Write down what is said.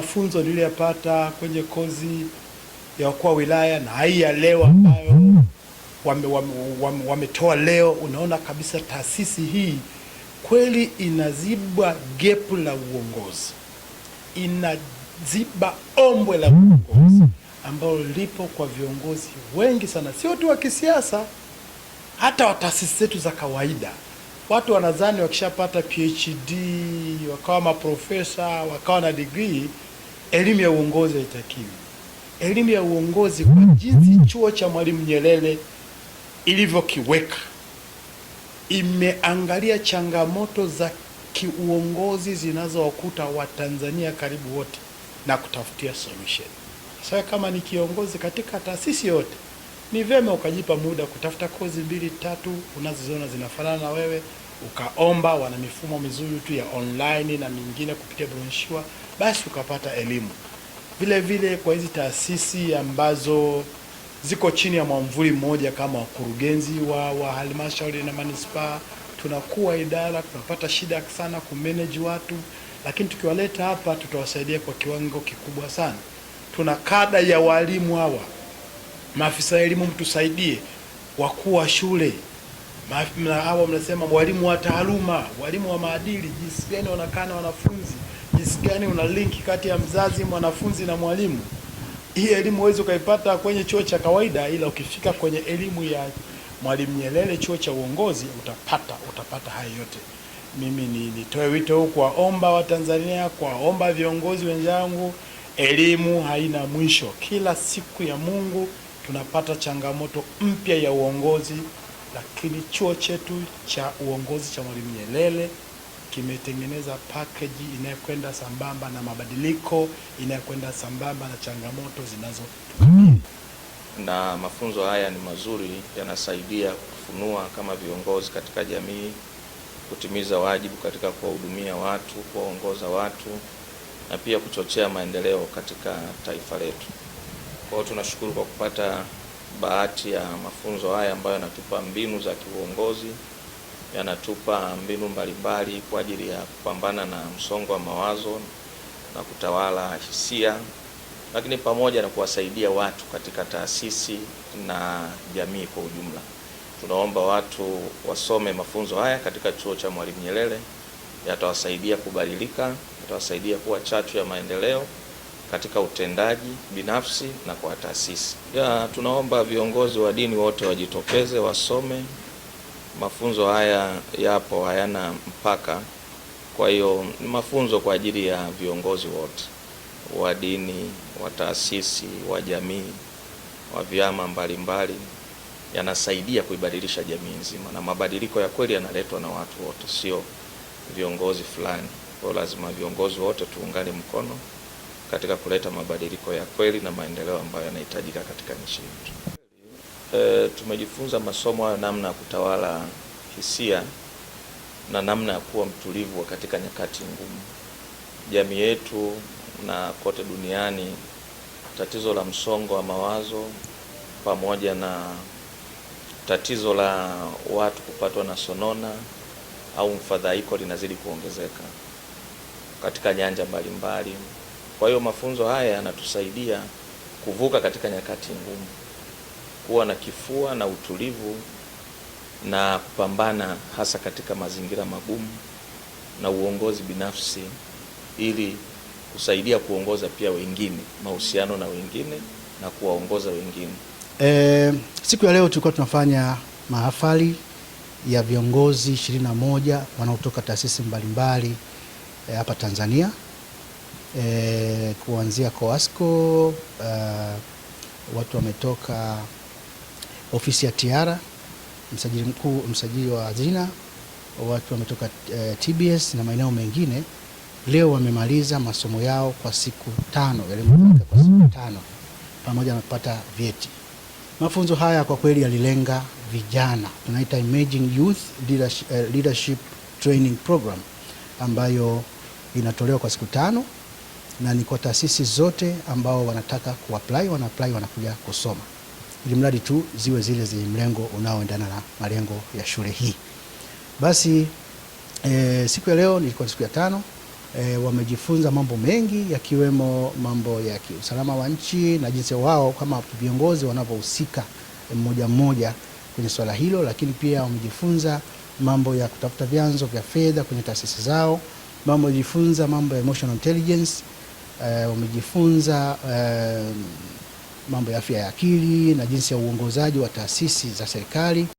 mafunzo niliyopata kwenye kozi ya wakuu wa wilaya na hii ya leo ambayo wametoa wame, wame, wame leo, unaona kabisa taasisi hii kweli inaziba gepu la uongozi, inaziba ombwe la uongozi ambalo lipo kwa viongozi wengi sana, sio tu wa kisiasa, hata wa taasisi zetu za kawaida. Watu wanadhani wakishapata PhD wakawa maprofesa wakawa na degree elimu ya uongozi haitakiwi. Elimu ya uongozi kwa jinsi chuo cha Mwalimu Nyerere ilivyokiweka, imeangalia changamoto za kiuongozi zinazowakuta Watanzania karibu wote na kutafutia solution. Sasa kama ni kiongozi katika taasisi yote, ni vyema ukajipa muda kutafuta kozi mbili tatu unazoziona zinafanana na wewe ukaomba, wana mifumo mizuri tu ya online na mingine kupitia brochure, basi ukapata elimu. Vile vile kwa hizi taasisi ambazo ziko chini ya mwamvuli mmoja kama wakurugenzi wa, wa halmashauri na manispaa, tunakuwa idara, tunapata shida sana kumanage watu, lakini tukiwaleta hapa tutawasaidia kwa kiwango kikubwa sana. Tuna kada ya walimu hawa, maafisa elimu, mtusaidie, wakuu wa shule na hawa mnasema mwalimu wa taaluma, walimu wa maadili, jinsi gani wanakaa na wanafunzi, jinsi gani una link kati ya mzazi, mwanafunzi na mwalimu. Hii elimu huwezi ukaipata kwenye chuo cha kawaida, ila ukifika kwenye elimu ya Mwalimu Nyerere, chuo cha uongozi, utapata utapata hayo yote. Mimi ni nitoe wito huu kuwaomba Watanzania, kuwaomba viongozi wenzangu, elimu haina mwisho. Kila siku ya Mungu tunapata changamoto mpya ya uongozi lakini chuo chetu cha uongozi cha Mwalimu Nyerere kimetengeneza package inayokwenda sambamba na mabadiliko, inayokwenda sambamba na changamoto zinazotukabili. Na mafunzo haya ni mazuri, yanasaidia kufunua kama viongozi katika jamii, kutimiza wajibu katika kuwahudumia watu, kuwaongoza watu na pia kuchochea maendeleo katika taifa letu. Kwa hiyo tunashukuru kwa kupata bahati ya mafunzo haya ambayo yanatupa mbinu za kiuongozi, yanatupa mbinu mbalimbali kwa ajili ya kupambana na msongo wa mawazo na kutawala hisia, lakini pamoja na kuwasaidia watu katika taasisi na jamii kwa ujumla. Tunaomba watu wasome mafunzo haya katika chuo cha Mwalimu Nyerere, yatawasaidia kubadilika, yatawasaidia kuwa chachu ya maendeleo katika utendaji binafsi na kwa taasisi. Ya, tunaomba viongozi wa dini wote wajitokeze wasome mafunzo haya, yapo hayana mpaka. Kwa hiyo ni mafunzo kwa ajili ya viongozi wote wa dini, wa taasisi, wa jamii, wa vyama mbalimbali. Yanasaidia kuibadilisha jamii nzima, na mabadiliko ya kweli yanaletwa na watu wote, sio viongozi fulani. Kwa lazima viongozi wote tuungane mkono katika kuleta mabadiliko ya kweli na maendeleo ambayo yanahitajika katika nchi yetu. E, tumejifunza masomo hayo, namna ya kutawala hisia na namna ya kuwa mtulivu katika nyakati ngumu. Jamii yetu na kote duniani, tatizo la msongo wa mawazo pamoja na tatizo la watu kupatwa na sonona au mfadhaiko linazidi kuongezeka katika nyanja mbalimbali mbali. Kwa hiyo mafunzo haya yanatusaidia kuvuka katika nyakati ngumu, kuwa na kifua na utulivu na kupambana hasa katika mazingira magumu na uongozi binafsi, ili kusaidia kuongoza pia wengine, mahusiano na wengine na kuwaongoza wengine. E, siku ya leo tulikuwa tunafanya mahafali ya viongozi 21 wanaotoka taasisi mbalimbali eh, hapa e, Tanzania e, kuanzia Coasco uh, watu wametoka ofisi ya Tiara, msajili mkuu, msajili wa hazina, watu wametoka uh, eh, TBS na maeneo mengine. Leo wamemaliza masomo yao kwa siku tano, yaliyokamilika kwa siku tano pamoja na kupata vyeti. Mafunzo haya kwa kweli yalilenga vijana, tunaita Emerging Youth Leadership, uh, Leadership Training Program ambayo inatolewa kwa siku tano na ni kwa taasisi zote ambao wanataka kuapply, wanaapply wanakuja kusoma, ili mradi tu ziwe zile zenye mlengo unaoendana na malengo ya shule hii. Basi e, siku ya leo nilikuwa siku ya tano e, wamejifunza mambo mengi yakiwemo mambo ya kiusalama wa nchi na jinsi wao kama viongozi wanavyohusika mmoja mmoja kwenye swala hilo, lakini pia wamejifunza mambo ya kutafuta vyanzo vya fedha kwenye taasisi zao, mambo ya mambo ya emotional intelligence Eh, wamejifunza eh, mambo ya afya ya akili na jinsi ya uongozaji wa taasisi za serikali.